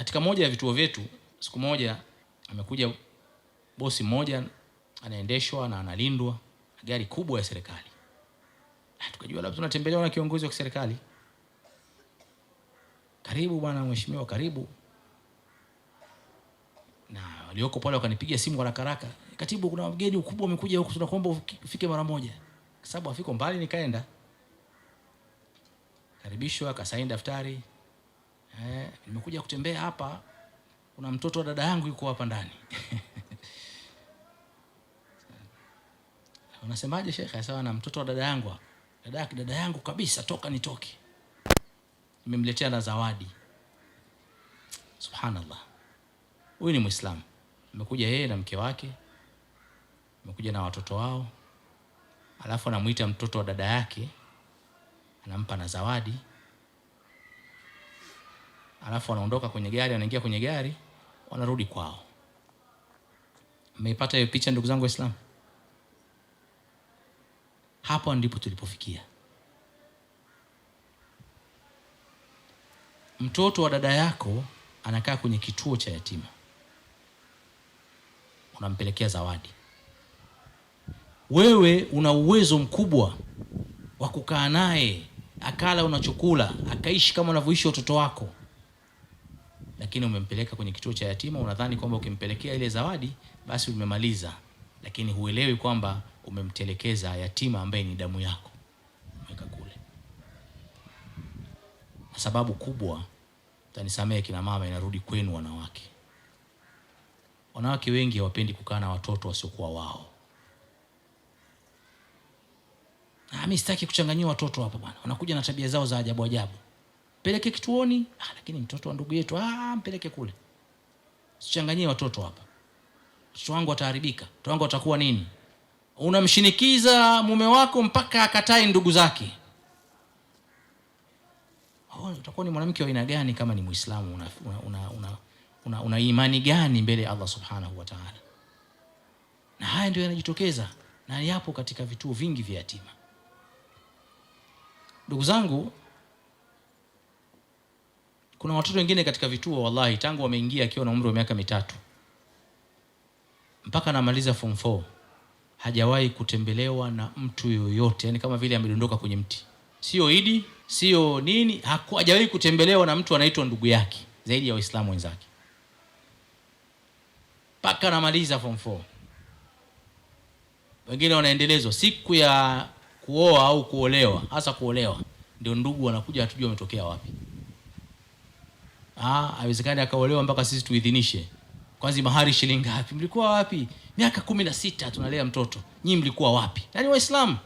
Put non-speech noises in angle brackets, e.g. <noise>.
Katika moja ya vituo vyetu, siku moja amekuja bosi mmoja, anaendeshwa na analindwa gari kubwa ya serikali, ah, tukajua labda tunatembelewa na kiongozi wa kiserikali. Karibu bwana mheshimiwa, karibu na walioko pale wakanipiga simu harakaraka haraka, katibu, kuna mgeni ukubwa umekuja huku, tunakuomba ufike mara moja, kwa sababu afiko mbali. Nikaenda karibishwa, akasaini daftari, eh, nimekuja kutembea hapa, kuna mtoto wa dada yangu yuko hapa ndani <laughs> unasemaje shekhe? Sawa na mtoto wa dada yangu dada yake, dada yangu kabisa, toka nitoke, nimemletea na zawadi. Subhanallah, huyu ni Muislamu, amekuja yeye na mke wake, amekuja na watoto wao, alafu anamuita mtoto wa dada yake, anampa na zawadi alafu wanaondoka kwenye gari, wanaingia kwenye gari, wanarudi kwao. Mmeipata hiyo picha, ndugu zangu Waislamu? Hapo ndipo tulipofikia. Mtoto wa dada yako anakaa kwenye kituo cha yatima, unampelekea zawadi. Wewe una uwezo mkubwa wa kukaa naye, akala unachokula, akaishi kama unavyoishi watoto wako lakini umempeleka kwenye kituo cha yatima, unadhani kwamba ukimpelekea ile zawadi basi umemaliza, lakini huelewi kwamba umemtelekeza yatima ambaye ni damu yako umeweka kule. Na sababu kubwa, tanisamehe kina mama, inarudi kwenu wanawake. Wanawake wengi hawapendi kukaa na watoto wasiokuwa wao. Ah, mimi sitaki kuchanganyia watoto hapa bwana, wanakuja na tabia zao za ajabu ajabu. Peleke kituoni, ah, lakini mtoto wa ndugu yetu, ah, mpeleke kule. Sichanganyie watoto hapa, mtoto wangu ataharibika, mtoto wangu atakuwa nini? Unamshinikiza mume wako mpaka akatae ndugu zake. Oh, utakuwa ni mwanamke wa aina gani kama ni Muislamu? Una, una, una, una, una imani gani mbele ya Allah subhanahu wa taala? Na haya ndio yanajitokeza na yapo katika vituo vingi vya yatima, ndugu zangu. Kuna watoto wengine katika vituo wallahi, tangu wameingia akiwa na umri wa miaka mitatu mpaka anamaliza form 4 hajawahi kutembelewa na mtu yoyote, yani kama vile amedondoka kwenye mti, sio idi, sio nini, hajawahi kutembelewa na mtu anaitwa ndugu yake zaidi ya Waislamu wenzake mpaka anamaliza form 4. Wengine wanaendelezwa siku ya kuoa au kuolewa, hasa kuolewa, ndio ndugu wanakuja, hatujui wametokea wapi ah, akaolewa mpaka sisi tuidhinishe. Kwanza mahari shilingi ngapi? Mlikuwa wapi? Miaka kumi na sita tunalea mtoto, nyii mlikuwa wapi? Yaani Waislamu